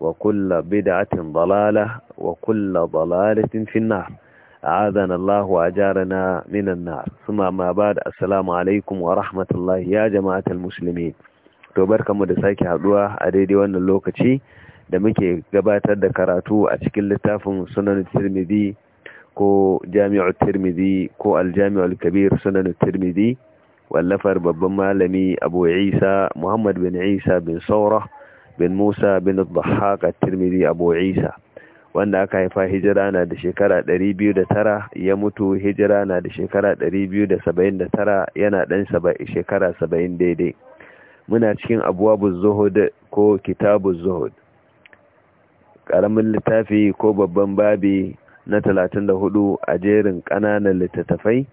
وكل بدعة ضلالة وكل ضلالة في النار أعاذنا الله وأجارنا من النار ثم ما بعد السلام عليكم ورحمة الله يا جماعة المسلمين mu da sake haduwa a daidai wannan lokaci da muke gabatar da karatu a cikin littafin sunan tirmidhi ko jami'u tirmidhi ko aljami'ul kabir sunan tirmidhi wallafar babban malami abu isa muhammad bin isa bin saurah bin Musa bin Dhahhak at-Tirmidhi Abu Isa wanda aka haifa hijira na da shekara 209 ya mutu hijira na da shekara 279 yana dan shekara 70 daidai muna cikin abwabu zuhud ko kitabu zuhud karamin littafi ko babban babi na 34 a jerin kananan littattafai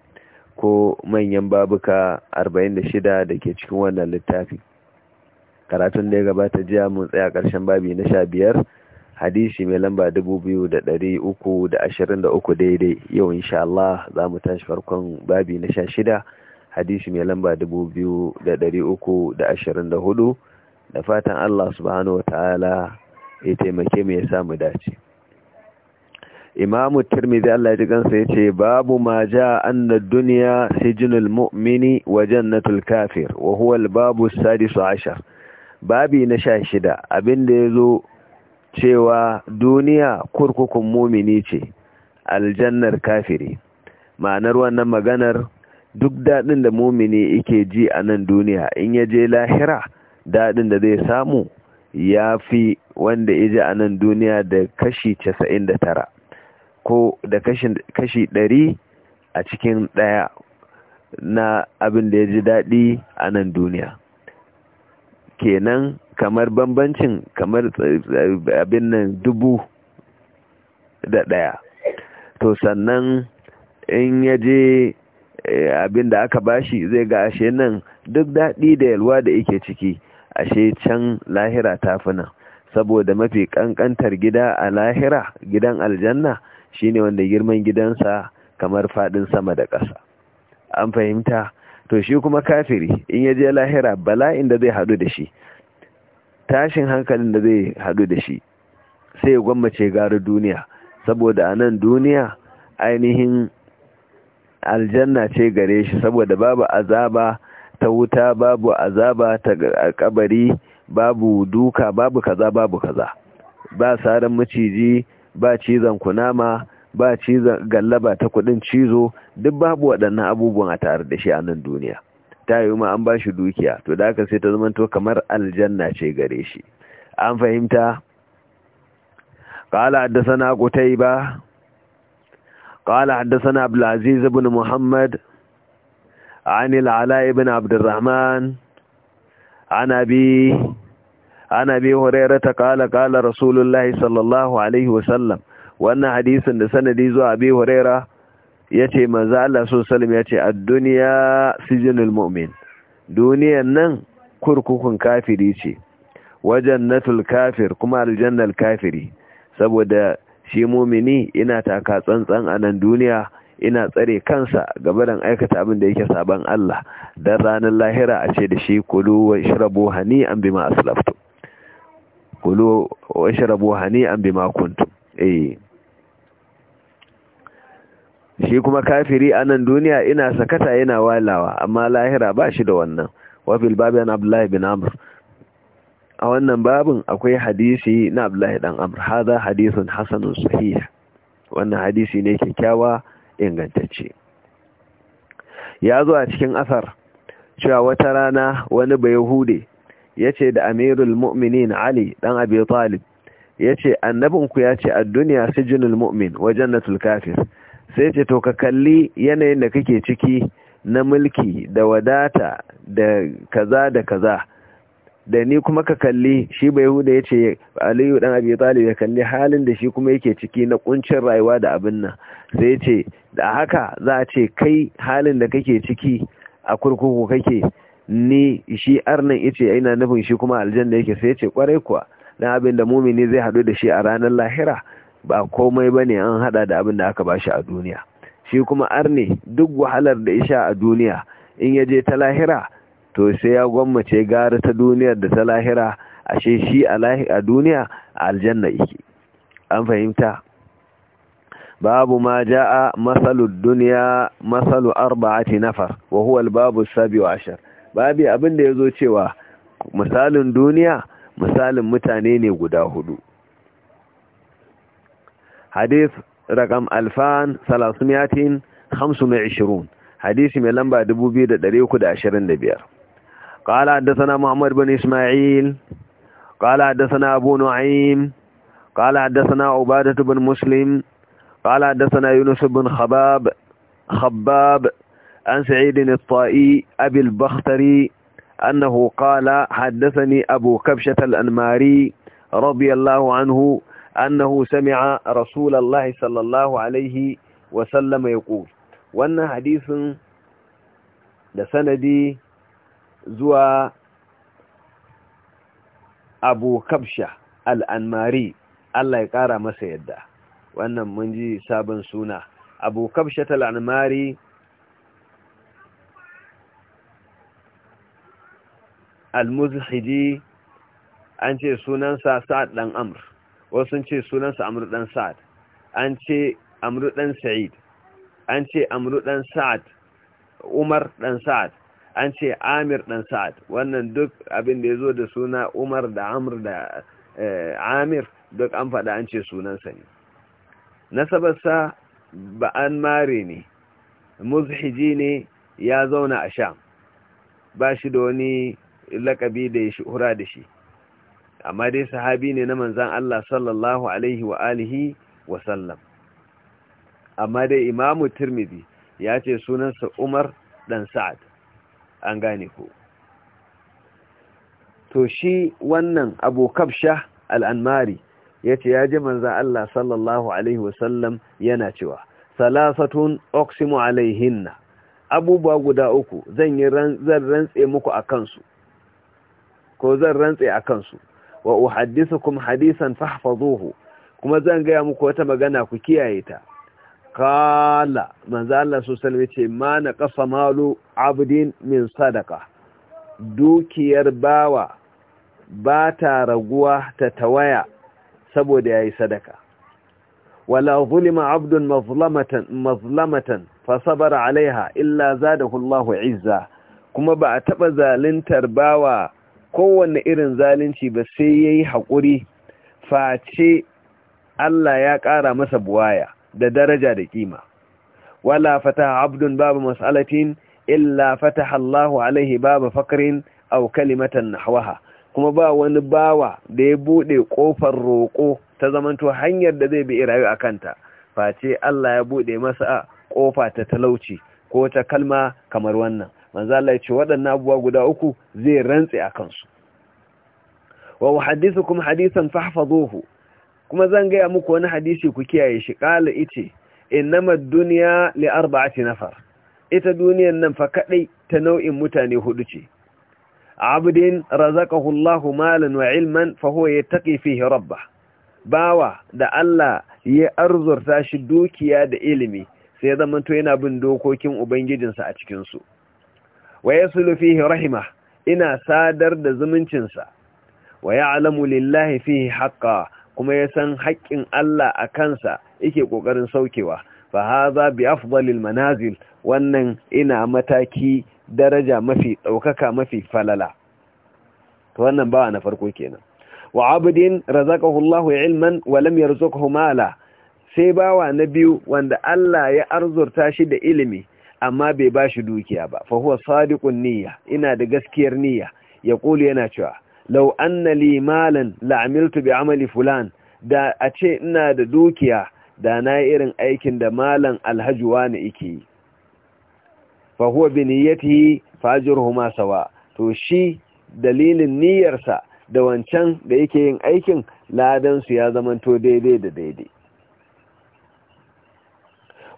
ko manyan babuka 46 da ke cikin wannan littafi karatun da ya gabata jiya mun tsaya karshen babi na sha biyar hadisi mai lamba dubu biyu da ɗari uku da ashirin da uku daidai yau insha Allah za mu tashi farkon babi na sha shida hadisi mai lamba dubu biyu da ɗari uku da ashirin da hudu da fatan Allah subhanahu ta'ala ya taimake mu ya samu dace imamu tirmidhi Allah ya ji ya yace babu ma ja anna dunya sijinul mu'mini wa jannatul kafir wa huwa babu sadisu 'ashar babi na sha shida abinda ya zo cewa duniya kurkukun mumini ce aljannar kafiri ma'anar wannan maganar duk daɗin da mumini yake ji a nan duniya in ya je lahira daɗin da zai samu ya fi wanda ya ji a nan duniya da kashi casa'in da tara ko da kashi ɗari a cikin ɗaya na abin da ya ji daɗi a nan duniya kenan kamar bambancin kamar eh, abin nan dubu da ɗaya to sannan in ya je eh, abin da aka bashi zai ga ashe nan duk daɗi da yalwa da yake ciki ashe can lahira ta nan, saboda mafi ƙanƙantar gida a lahira gidan aljanna shine wanda girman gidansa kamar faɗin sama da ƙasa an fahimta to shi kuma kafiri in ya je lahira bala'in da zai hadu da shi tashin hankalin da zai hadu da shi sai ya gwammace gara duniya saboda a nan duniya ainihin aljanna ce gare shi saboda babu azaba ta wuta babu azaba ta kabari babu duka babu kaza babu kaza ba saran maciji ba cizon kunama ba cizon gallaba ta kudin cizo duk babu waɗannan abubuwan a tare da shi a nan duniya ta yi ma an ba shi dukiya to da aka sai ta zama to kamar aljanna ce gare shi an fahimta qala haddathana qutayba qala haddathana abdul aziz ibn muhammad عن العلاء بن عبد الرحمن عن أبي عن أبي هريرة قال قال رسول الله صلى الله عليه وسلم wannan hadisin da sanadi zuwa abi huraira ya ce maza Allah so salim ya ce ad sijinul mu'min duniyan nan kurkukun kafiri ce wajen natul kafir kuma aljannal kafiri saboda shi mumini ina taka tsantsan a nan duniya ina tsare kansa gaba da aikata abin da yake sabon Allah da ranar lahira a ce da shi kulu wa shirabu hani an ma aslaftu kulu wa shirabu hani an ma kuntu eh shi kuma kafiri a nan duniya ina sakata yana walawa amma lahira ba shi da wannan wafil babin abdullahi bin amr a wannan babin akwai hadisi na abdullahi dan amr haza hadisun hasanun sahih wannan hadisi ne kyakkyawa ingantacce ya zo a cikin asar cewa wata rana wani bayahude ya ce da amirul mu'minin ali dan abi talib ya ce annabinku ya ce a duniya sijinul mu'min wa jannatul kafir sai ce to ka kalli yanayin da kake ciki na mulki da wadata da kaza da kaza da ni kuma ka kalli shi bai huda ya ce aliyu dan abi talib ya kalli halin da shi kuma yake ciki na kuncin rayuwa da abin nan sai ya ce da haka za a ce kai halin da kake ciki a kurkuku kake ni shi arnan ya ce ina nufin shi kuma aljanna yake sai ya ce kwarai kuwa dan abin da mumini zai hadu da shi a ranar lahira ba komai ba ne an hada da abin da aka ba shi a duniya shi kuma arne duk wahalar da isha a duniya in ya je ta lahira to sai ya gwammace gara ta duniyar da ta lahira ashe shi a duniya a aljanna yake an fahimta babu ma ja'a masalu duniya masalu arba'ati nafar wa huwa babu wa ashar babu abin da ya zo cewa misalin duniya misalin mutane ne guda hudu hadis rakam alfan salasumiyatin hamsu mai ishirun hadisi mai lamba dubu biyu da ɗari uku da ashirin da biyar ƙala haddasana muhammad bin ismail ƙala haddasana abu nu'aim ƙala haddasana ubadatu bin muslim ƙala haddasana yunus bin khabab khabab an sa'idin at-ta'i abil bakhtari annahu qala haddathani abu kabshat al-anmari anhu annahu sami'a rasulullahi sallallahu alaihi wannan hadisin da sanadi zuwa Abu Kabsha al-Anmari Allah ya ƙara masa yadda wannan mun ji sabon suna Abu Kabsha al-Anmari al-Muzhidi an ce sunansa Sa'ad dan Amr wasu ce sunansa amru dan sa'ad an ce amru dan sa'id an ce amru dan sa'ad umar dan sa'ad an ce amir dan sa'ad wannan duk abin da ya zo da suna umar da amr da eh, amir duk an faɗa an ce sunansa ne nasabarsa ba an mare ne muzhiji ne ya zauna a sham ba shi da wani lakabi da ya shi hura da shi amma dai sahabi ne na manzan Allah sallallahu alaihi wa alihi wa sallam amma dai imamu tirmidhi ya ce sunansa umar dan sa'ad an gane ku. to shi wannan abu kabsha al'anmari ya ce ya ji manzan Allah sallallahu alaihi wa sallam yana cewa salasatun oksimu alaihinna abubuwa guda uku zan rantse muku a kansu ko zan rantse a kansu wa uhaddithukum hadisan fahfazuhu kuma zan gaya muku wata magana ku kiyaye ta qala manzo Allah sallallahu alaihi ce ma naqasa malu abdin min sadaqa dukiyar bawa ba ta raguwa ta tawaya saboda yayi sadaka wala zulima abdun mazlamatan mazlamatan fa sabara alaiha illa zadahu Allahu izza kuma ba a taba zalintar bawa kowanne irin zalunci ba sai ya yi haƙuri face Allah ya ƙara masa buwaya da daraja da ƙima. Wala fata abdun babu mas'alatin illa fata Allahu alaihi babu fakarin au kalimatan nahwaha. kuma ba wani bawa da ya buɗe ƙofar roƙo ta zamanto hanyar da zai bi irayu a kanta face Allah ya buɗe masa ƙofa ta talauci ko ta kalma kamar wannan. manzo Allah ya ce waɗannan abubuwa guda uku zai rantse a kansu wa kuma hadisan fahfazuhu kuma zan gaya muku wani hadisi ku kiyaye shi qala ice ad dunya li arba'ati nafar ita duniyan nan fa kadai ta nau'in mutane hudu ce abdin razaqahu Allahu malan wa ilman fa huwa yattaqi fihi rabbah bawa da Allah ya arzurta shi dukiya da ilimi sai ya zamanto yana bin dokokin ubangijinsa a cikin su wa yasulu fihi rahima ina sadar da zumuncinsa wa ya'lamu lillahi fihi haqqan kuma ya san haƙƙin Allah a kansa yake ƙoƙarin saukewa fa hadha bi afdalil manazil wannan ina mataki daraja mafi ɗaukaka mafi falala to wannan ba na farko kenan wa abdin razaqahu Allahu ilman wa lam yarzuqhu mala sai bawa na biyu wanda Allah ya arzurta shi da ilimi amma bai ba shi dukiya ba fa huwa sadiqun niyya ina da gaskiyar niyya ya kulu yana cewa law anna li malan amiltu bi amali fulan da a ce ina da dukiya da na irin aikin da malan alhaji wani yake yi fa huwa bi niyyatihi fajruhuma sawa to shi dalilin niyyarsa da wancan da yake yin aikin ladan su ya zamanto daidai da daidai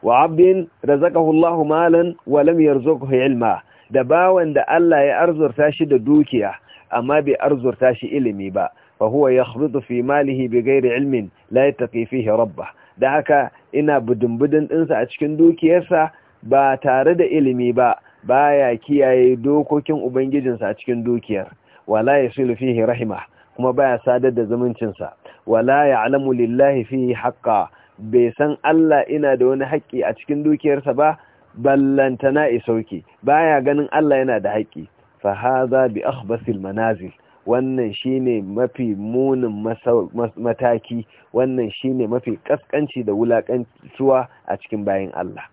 wa abdin razaqahu Allahu malan wa lam yarzuqhu ilma da bawan da Allah ya arzurta shi da dukiya amma bai arzurta shi ilimi ba fa huwa yakhrudu fi malihi bighairi ilmin la yataqi fihi rabbah da haka ina budumbudin dinsa ɗinsa a cikin dukiyarsa ba tare da ilimi ba baya kiyaye dokokin ubangijinsa a cikin dukiyar wala yasilu fihi rahima kuma baya sadar da zumuncinsa wala ya'lamu lillahi fihi haqqan bai san Allah ina da wani haƙƙi a cikin dukiyarsa ba ballantana isauki baya ganin Allah yana da haƙƙi fa hadha bi akhbasil manazil wannan shine mafi munin mataki wannan shine mafi kaskanci da wulakantuwa a cikin bayin Allah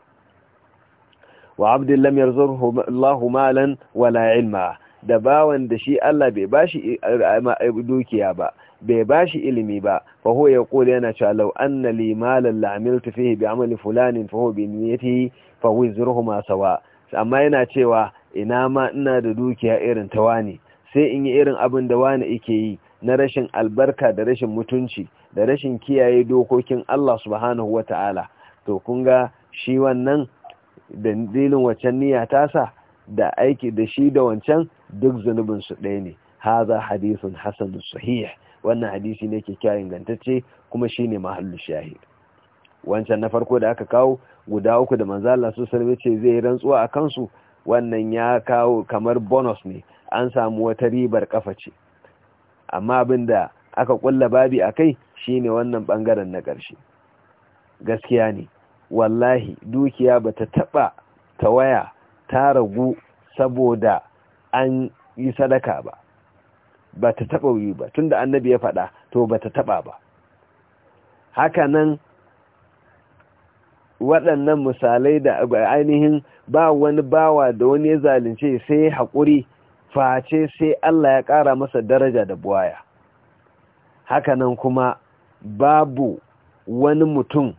wa abdin lam yarzurhu malan wala ilma da bawan da shi Allah bai bashi eh, dukiya ba bai bashi ilimi ba fa ya yaqulu yana cewa law anna li malan la amiltu fihi bi amali fulanin fa huwa bi fa wizruhuma sawa amma yana cewa ina ma ina da dukiya irin ta wani sai in yi irin abin da wani yake yi na rashin albarka da rashin mutunci da rashin kiyaye dokokin Allah subhanahu wata'ala to kun ga shi wannan dalilin waccan niyya sa? da aiki da shi da wancan duk zunubin su ɗaya ne haza hadisun hasan sahih wannan hadisi ne ke kyawun ingantacce kuma shi ne mahallu shahid wancan na farko da aka kawo guda uku da manzo Allah su sarbe ce zai rantsuwa a kansu wannan ya kawo kamar bonus ne an samu wata ribar kafa ce amma abinda aka kulla babi a akai shine wannan bangaren na karshe gaskiya ne wallahi dukiya bata taba ta waya. ta ragu saboda an yi sadaka ba ba ta taɓa yi ba tunda annabi ya faɗa to ba ta taɓa ba Hakanan waɗannan misalai da ainihin ba wani bawa da wani ya zalunce sai haƙuri face sai Allah ya ƙara masa daraja da buwaya hakanan kuma babu wani mutum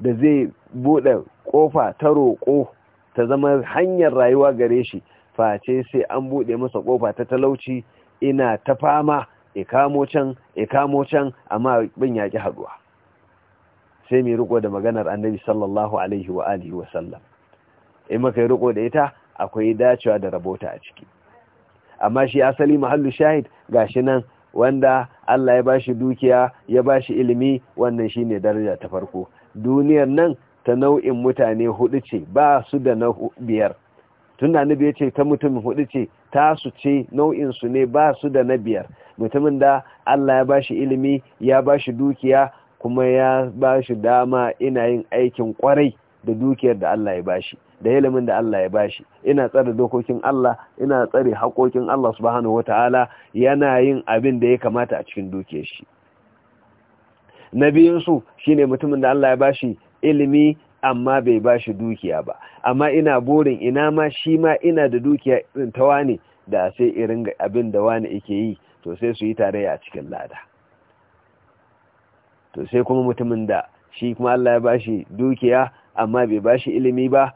da zai buɗe ƙofa ta roƙo ta zama hanyar rayuwa gare shi face sai an buɗe masa ƙofa ta talauci ina ta fama kamo can kamo can amma bin ƙi haɗuwa sai mai riko da maganar annabi sallallahu alaihi wa alihi wa sallam in maka yi riko da ita akwai dacewa da rabota a ciki amma shi asali mahallu shahid shi nan wanda Allah ya bashi dukiya ya bashi ilimi wannan shine daraja ta farko duniyar nan ta nau'in mutane hudu ce ba su da na biyar tun da ya ce ta mutum hudu ce ta su ce nau'in su ne ba su da na biyar mutumin da Allah ya ba shi ilimi ya ba shi dukiya kuma ya ba shi dama ina yin aikin kwarai da dukiyar da Allah ya ba shi, da ilimin da Allah ya ba shi. ina tsare dokokin Allah ina tsare haƙoƙin Allah subhanahu wataala yana yin abin da ya kamata a cikin dukiyar shi na biyun su shine mutumin da Allah ya ba shi. ilimi amma bai ba shi dukiya ba amma ina burin ina ma shi ma ina da dukiya irin ta wani da sai irin abin da wani yake yi to sai su yi tare a cikin lada to sai kuma mutumin da shi kuma Allah ya ba shi dukiya amma bai ba shi ilimi ba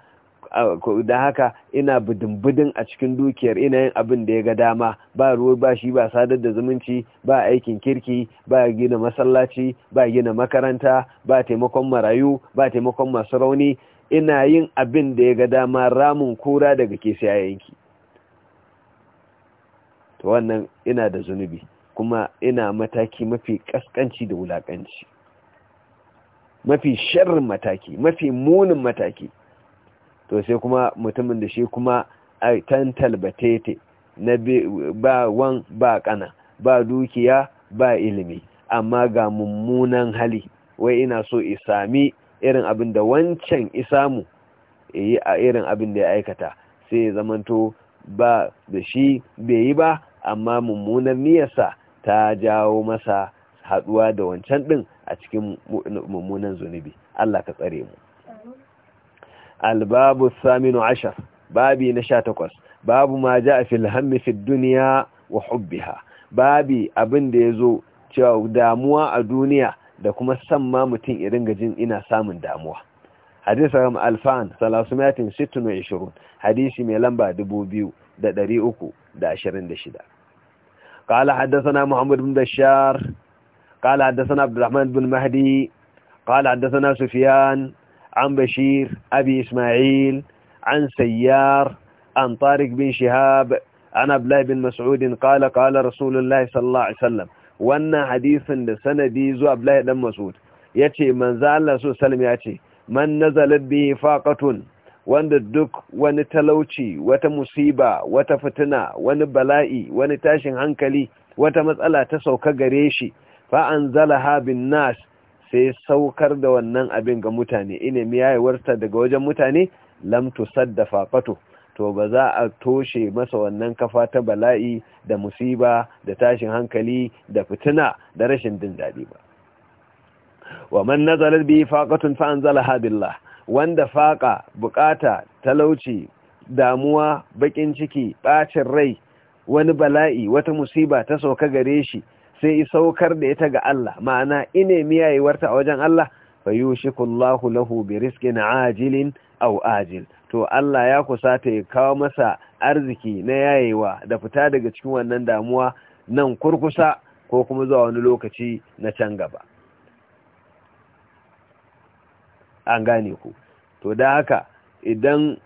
da haka ina bidimbidin a cikin dukiyar ina yin abin da ya ga dama ba ruwa ba shi ba sadar da zumunci ba aikin kirki ba gina masallaci ba gina makaranta ba taimakon marayu ba taimakon masu rauni ina yin abin da ya ga dama ramin kura daga ke yanki to wannan ina da zunubi kuma ina mataki mafi kaskanci da wulakanci mafi sharrin mataki mafi munin mataki to sai kuma mutumin da shi kuma a tantal batete na ba wan ba kana ba dukiya ba ilimi amma ga mummunan hali wai ina so isami irin abin da wancan isamu yi a irin abin da ya aikata sai ya zamanto ba da shi bai yi ba amma mummunar niyasa ta jawo masa haduwa da wancan din a cikin mummunan zunubi Allah ka tsare mu albabu saminu ashar babi na sha takwas babu ma ja a filhammi fi duniya wa hubbiha babi abin da ya zo cewa damuwa a duniya da kuma san ma mutum irin gajin ina samun damuwa hadis ram alfan salasumatin ishirin hadisi mai lamba dubu biyu da ɗari uku da ashirin da shida قال حدثنا محمد بن بشار قال حدثنا عبد الرحمن عن بشير أبي إسماعيل عن سيار عن طارق بن شهاب عن أبلاه بن مسعود قال قال رسول الله صلى wannan hadisin da sanadi zuwa Abdullahi dan Mas'ud yace manza Allah su sallam yace man nazala bi faqatun wanda duk wani talauci wata musiba wata fitina wani bala'i wani tashin hankali wata matsala ta sauka gare shi fa anzalaha bin nas sai saukar da wannan abin ga mutane ina miyayewarsa daga wajen mutane lam tusaddafa fato to ba za a toshe masa wannan kafa ta bala'i da musiba da tashin hankali da fitina da rashin jin dadi ba wa man nazalat bi faqatun fa anzalaha billah wanda faqa bukata talauci damuwa bakin ciki bacin rai wani bala'i wata musiba ta sauka gare shi sai saukar da ita ga Allah ma'ana ine miyayewarta a wajen Allah fa yushikullahu lahu bi rizqin ajilin aw ajil to Allah ya kusata ya kawo masa arziki na yayewa da fita daga cikin wannan damuwa nan kurkusa ko kuma zuwa wani lokaci na can gaba an gane ku to da haka idan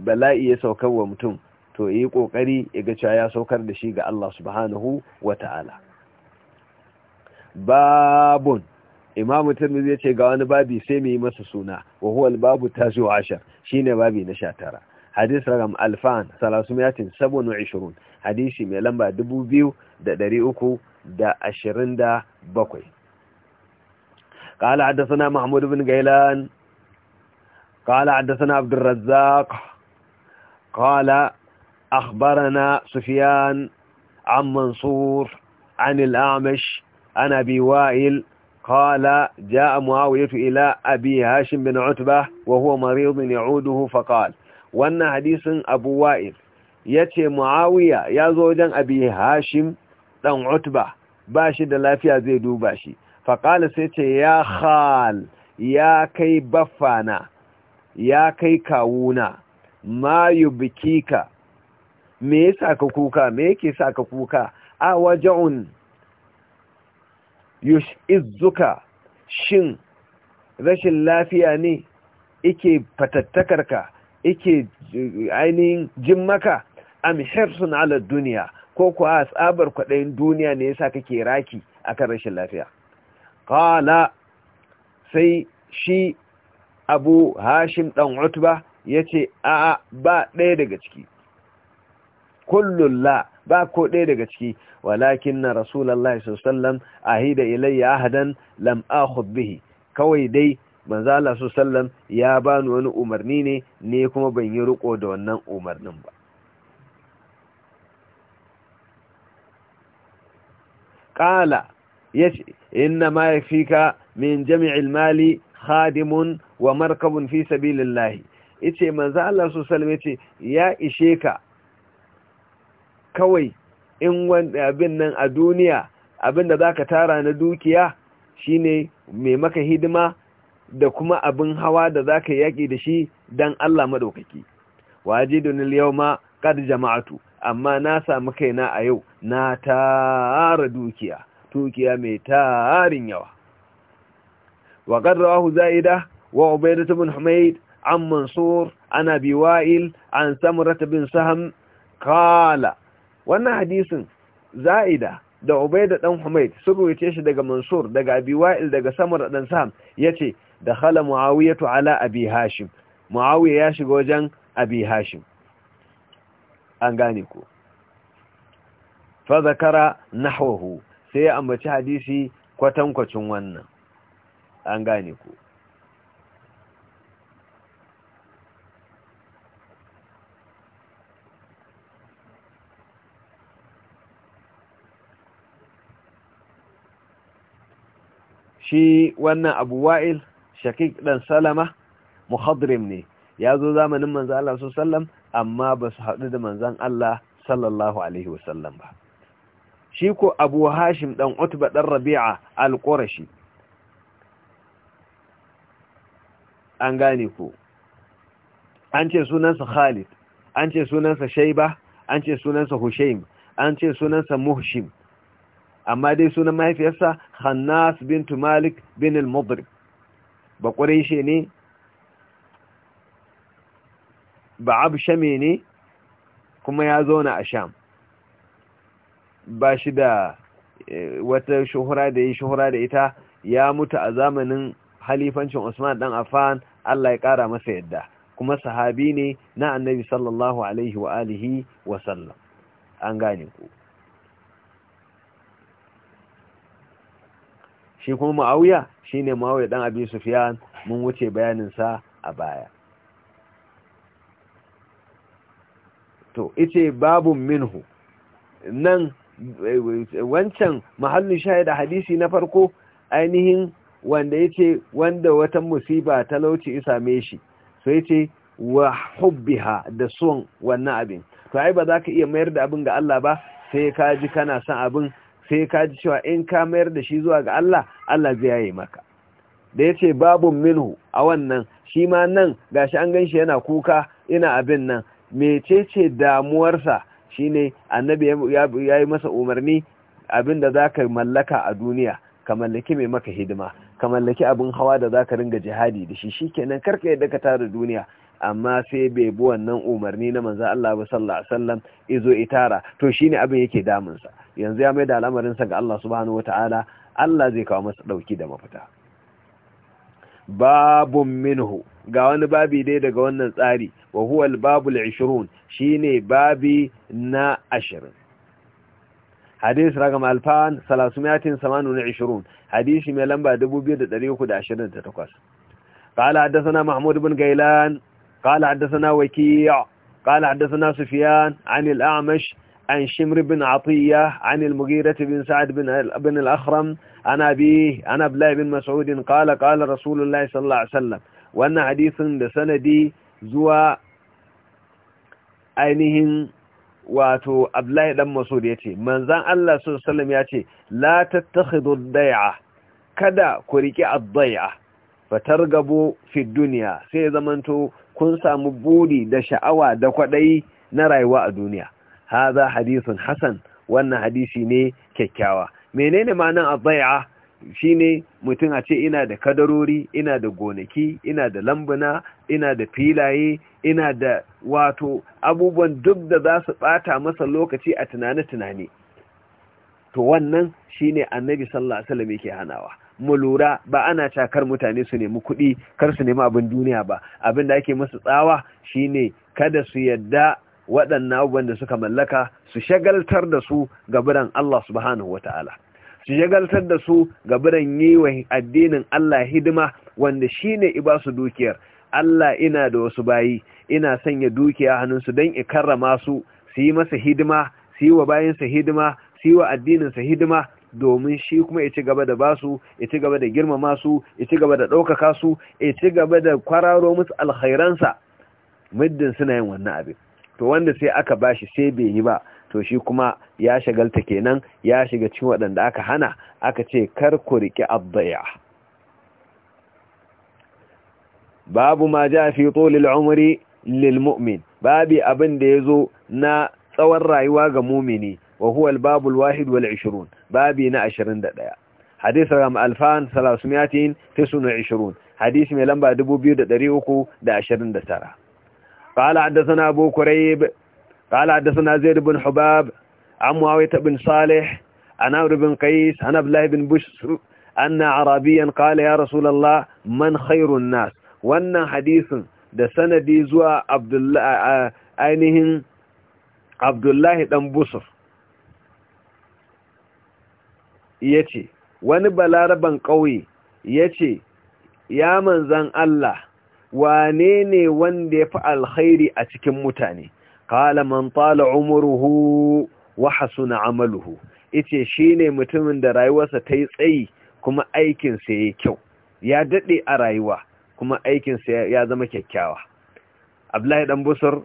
bala'i ya saukar wa mutum to yi kokari ya ga cewa ya saukar da shi ga Allah subhanahu wata'ala babun imamu tirmidhi ya ce ga wani babi sai mai masa suna wa huwa babu tasu ashar shi ne babi na sha tara hadis ragam alfan salasu miyatin sabon ashirin hadisi mai lamba dubu biyu da dari uku da ashirin da bakwai قال حدثنا محمود بن غيلان قال حدثنا عبد الرزاق قال أخبرنا سفيان عن منصور عن الأعمش عن أبي وائل قال جاء معاوية إلى أبي هاشم بن عتبة وهو مريض يعوده فقال وأن حديث أبو وائل يتي معاوية يا زوجا أبي هاشم دون عتبة باشي دلا دلافيا زيدو باشي فقال سيتي يا خال يا كي بفانا يا كي كاونا ما yubkika ميسا ككوكا ميكي ساككوكا me izuka shin rashin lafiya ne ike fatattakarka ike eh, ainihin jin maka am hirsun ala duniya ko kuwa tsabar kwaɗayin duniya ne yasa kake raki akan rashin lafiya qala sai shi abu hashim dan utba yace a ba ɗaya daga ciki kullun la ba ko ɗaya daga ciki walakin na rasulallah sallam ahida ilayya ahadan lam akhud bihi kawai dai manzo Allah sallam ya bani wani umarni ne ne kuma ban yi riko da wannan umarnin ba qala yace inna ma yafika min jami'il mali khadimun wa markabun fi sabilillah yace manzo Allah sallam yace ya ishe ka kawai in wanda abin nan a duniya abin da za ka tara na dukiya shine mai maka hidima da kuma abin hawa da za ka yaƙi da shi don Allah maɗaukaki. Waje donil yau ma ƙad jama'atu, amma na samu kaina a yau na tara dukiya, dukiya mai tarin yawa. Wa ƙad rawahu za'ida wa Ubaidatu bin Humaid an Mansur ana biwail an Samurata bin Saham kala wannan hadisin za'ida da ubaida dan humayd sun ruwaye shi daga mansur daga abi wa'il daga samar dan sam yace da khala muawiyatu ala abi hashim muawiya ya shiga wajen abi hashim an gane ku fa zakara nahwahu sai ya ambaci hadisi kwatankwacin wannan an gane ku shi wannan abu wa'il shakik dan salama muhadrim ne ya zo zamanin manzan Allah su sallam amma ba su haɗu da manzan Allah sallallahu alaihi wasallam ba shi ko abu hashim ɗan utba ɗan rabi'a al qurashi an gane ko an ce sunansa khalid an ce sunansa shaiba an ce sunansa hushaim an ce sunansa muhshim amma dai sunan mahaifiyarsa hannas bintu malik bin al mubri ba ne ba abshami ne kuma ya zauna a sham ba shi da eh, wata shuhura da shuhura da ita ya mutu a zamanin halifancin Usman dan Affan Allah ya kara masa yadda kuma sahabi ne na annabi sallallahu alaihi wa alihi wa sallam an gane ku shi kuma ma'auya shi ne ma'auya ɗan abin sufiyan mun wuce bayaninsa a baya to ice babun minhu nan wancan mahallin shahida hadisi na farko ainihin wanda ya ce wanda wata musiba talauci me shi so ce wa hubbiha da son wannan abin to ai ba za ka iya mayar da abin ga Allah ba sai ka ji kana son abin sai ka ji cewa in ka mayar da shi zuwa ga Allah Allah zai yaye maka da ya ce babun minhu a wannan shi ma nan ga shi an ganshi yana kuka ina abin nan mecece damuwarsa shi ne annabi ya yi masa umarni abin da za ka mallaka a duniya ka mallaki mai maka hidima ka mallaki abin hawa da za ka ringa jihadi da shi Shi kenan karka yadda ka tara duniya amma sai bai bi wannan umarni na manzo Allah ba sallallahu alaihi wasallam izo itara to shine abin yake damun sa yanzu ya da al'amarin sa ga Allah subhanahu wataala Allah zai kawo masa dauki da mafita Babu minhu ga wani babi dai daga wannan tsari wa huwa al 20 shine babi na 20 hadis ragam alfan 328 hadisi mai lamba 2328 قال حدثنا محمود بن غيلان قال حدثنا وكيع قال حدثنا سفيان عن الأعمش عن شمر بن عطية عن المغيرة بن سعد بن, بن الأخرم عن أبيه عن أبلاء بن مسعود قال قال رسول الله صلى الله عليه وسلم وأن حديث لسندي زوى ainihin wato Abdullahi dan Masud yace manzon Allah sallallahu alaihi yace la tattakhidhu dai'a kada ku riki ad-dai'a fatargabu fi dunya sai zamanto kun samu buri da sha'awa da kwaɗayi na rayuwa a duniya haza hadisun Hassan wannan hadisi ne kyakkyawa menene ma'anar Shi shine mutum a ce ina da kadarori ina da gonaki ina da lambuna ina da filaye ina da wato abubuwan duk da za su bata masa lokaci a tunane-tunane to wannan shine annabi sallallahu alaihi wasallam yake hanawa mu lura ba ana cakar mutane su nemi kuɗi kar su nemi abin duniya ba abin da ake musu tsawa shine kada su yadda waɗannan abubuwan da suka mallaka su shagaltar da su ga biran Allah subhanahu wa ta'ala. su shagaltar da su ga biran yi wa addinin Allah hidima wanda shine iba su dukiyar Allah ina da wasu bayi ina sanya dukiya hannunsu don in karrama su su yi masa hidima su yi wa bayansa hidima su yi wa addininsa hidima domin shi kuma ya ci gaba da basu ya ci gaba da girmama su ya ci gaba da ɗaukaka su ya ci gaba da kwararo musu alkhairansa muddin suna yin wannan abin to wanda sai aka bashi sai bai yi ba to shi kuma ya shagalta kenan ya shiga cikin waɗanda aka hana aka ce kar ku riƙe abdaya babu ma ja fi tsolil umri lil mu'min babi abin da yazo na tsawon rayuwa ga mumini wa huwa al babu al wahid wal babi na 21 hadith ram alfan 329 hadith mai lamba 2329 qala da abu kurayb qala hadathana zaid ibn hubab عن معاوية بن صالح عن عمرو بن قيس عن عبد الله بن بشر أن عربيا قال يا رسول الله من خير الناس وأن حديث ده سندي زوى عبد الله ainihin Abdullahi ɗan Busur ya ce wani balaraban ƙauye ya ce ya manzan Allah wane ne wanda ya fi alkhairi a cikin mutane kala mantala wa hasuna amaluhu ice ne mutumin da rayuwarsa ta yi tsayi kuma aikinsa ya yi kyau ya daɗe a rayuwa kuma aikinsa ya zama kyakkyawa abdullahi dan busur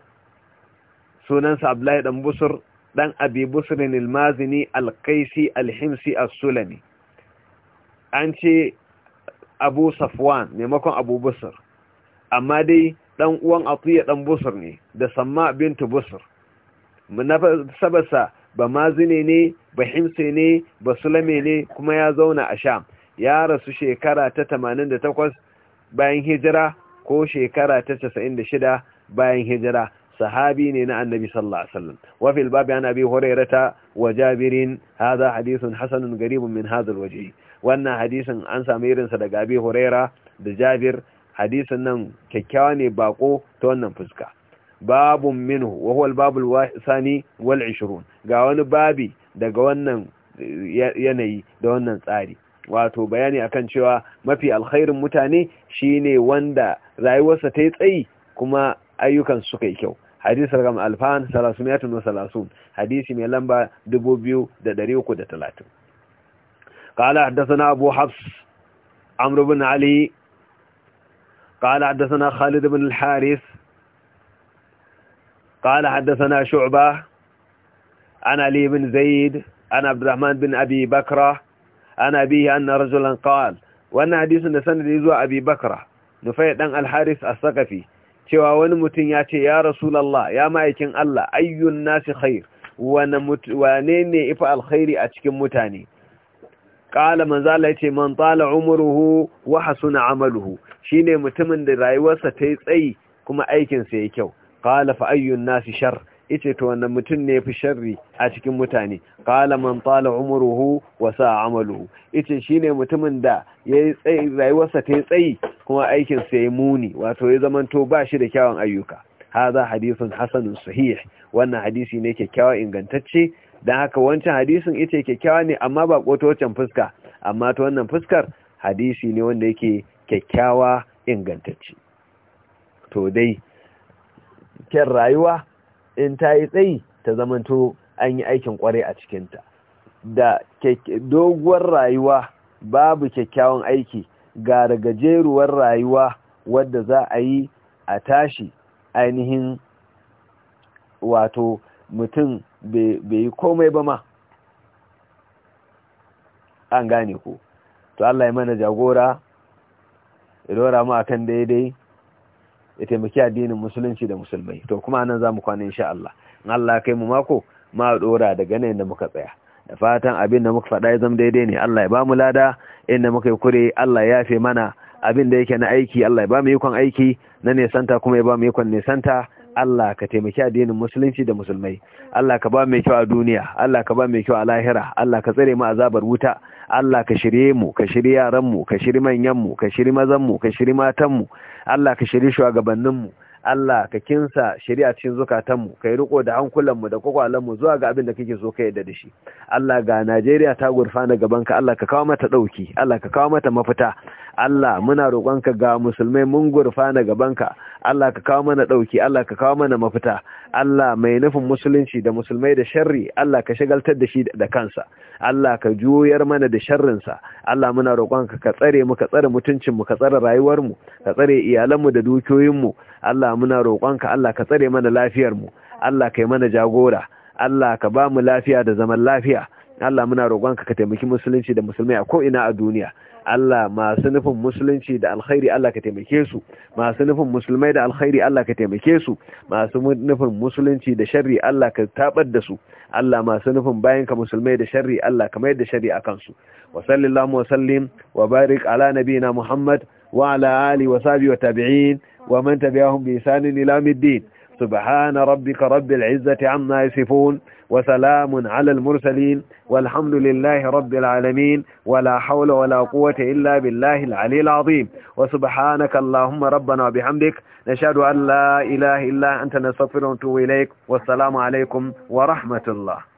sunansa abdullahi dan busur ɗan abi busrin ilmazini alkaisi alhimsi as-sulami an ce abu safwan maimakon abu busr amma dai ɗan uwan atiya ɗan busr ne da samma bintu busr sabasa ba mazini ne ba himsi ne ba sulami ne kuma ya zauna a sham ya rasu shekara ta 88 bayan hijira ko shekara ta 96 bayan hijira sahabi ne na annabi sallallahu alaihi wasallam wa fil bab an abi hurairata wa jabirin hadha hadithun hasanun garibun min hadha alwajhi wannan hadisin an sami irin sa daga abi huraira da jabir hadisin nan kyakkyawa ne bako ta wannan fuska babun minhu wa huwa albabul wal 20 ga wani babi daga wannan yanayi da wannan tsari wato bayani akan cewa mafi alkhairin mutane shine wanda rayuwarsa ta yi tsayi kuma ayyukan suka yi kyau hadisi rakam alfan 330 hadisi mai lamba 2330 قال حدثنا أبو حفص عمرو بن علي قال حدثنا خالد بن الحارث قال حدثنا شعبة عن علي بن زيد عن عبد الرحمن بن أبي بكرة عن أبيه أن رجلا قال وأن حديث سند يزوى أبي بكرة نفيت عن الحارث الثقفي cewa wani mutum ya ce ya rasulallah ya ma'aikin Allah ayyun nasi khair wane ne ifa alkhairi a cikin mutane ƙala manzala ya ce man tsala umuruhu wa hasuna amaluhu shine mutumin da rayuwarsa ta yi tsayi kuma aikinsa ya kyau ƙala fa ayyun nasi shar Ice to wannan mutum ne fi sharri a cikin mutane qala man tala umruhu wa sa amaluhu shi shine mutumin da yayi tsayi rayuwarsa ta tsayi kuma aikin sa yayi muni wato ya zamanto ba shi da kyawun ayyuka hadha hadithun hasanun sahih wannan hadisi ne kyakkyawa ingantacce dan haka wancan hadisin ita kyakkyawa ne amma ba koto wancan fuska amma to wannan fuskar hadisi ne wanda yake kyakkyawa ingantacce to dai kyan rayuwa in ta yi tsayi ta zamanto an yi aikin kwarai a cikinta da doguwar rayuwa babu kyakkyawan aiki ga gajeruwar rayuwa wadda za a yi a tashi ainihin wato mutum bai yi komai ba ma an gane ku to Allah ya mana jagora ya dora mu akan daidai ya taimaki addinin musulunci da musulmai to kuma nan za mu kwana insha Allah in Allah ya kai mu mako ma dora daga nan da muka tsaya da fatan abin da muka faɗa ya zama daidai ne Allah ya ba mu lada inda muka yi kure Allah ya yafe mana abin da yake na aiki Allah ya ba mu ikon aiki na nesanta kuma ya ba mu ikon nesanta Allah ka taimaki addinin musulunci da musulmai Allah ka ba mai kyau a duniya Allah ka ba mai kyau a lahira Allah ka tsare mu azabar wuta Allah ka shirye mu ka shirye yaran mu ka shirye manyan mu ka shirye mazan mu ka shirye matan mu Allah ka shirye shugabannin mu Allah ka kinsa shari'a cikin zukatanmu ka yi riko da hankulanmu da kwakwalanmu zuwa ga abin da kake so ka yadda da shi Allah ga Najeriya ta gurfana gaban ka Allah ka kawo mata dauki Allah ka kawo mata mafita Allah muna roƙonka ga musulmai mun gurfana gaban ka Allah ka kawo mana dauki Allah ka kawo mana mafita Allah mai nufin musulunci da musulmai da sharri Allah ka shagaltar da shi da kansa Allah ka juyar mana da sharrinsa Allah muna roƙonka ka tsare mu ka tsare mutuncinmu ka tsare rayuwarmu ka tsare iyalanmu da dukiyoyinmu Allah Allah muna roƙonka Allah ka tsare mana lafiyar mu Allah yi mana jagora Allah ka ba mu lafiya da zaman lafiya Allah muna roƙonka ka taimaki musulunci da musulmai a ko'ina a duniya Allah masu nufin musulunci da alkhairi Allah ka taimake su masu nufin musulmai da alkhairi Allah ka taimake su masu nufin musulunci da sharri Allah ka tabar da su Allah masu nufin bayan ka musulmai da sharri Allah ka mayar da sharri akan su wa sallallahu wa sallim wa barik ala nabiyina Muhammad وعلى آله وصحبه وتابعين ومن تبعهم بإحسان إلى الدين سبحان ربك رب العزة عما يصفون وسلام على المرسلين والحمد لله رب العالمين ولا حول ولا قوة إلا بالله العلي العظيم وسبحانك اللهم ربنا وبحمدك نشهد أن لا إله إلا أنت نستغفر ونتوب إليك والسلام عليكم ورحمة الله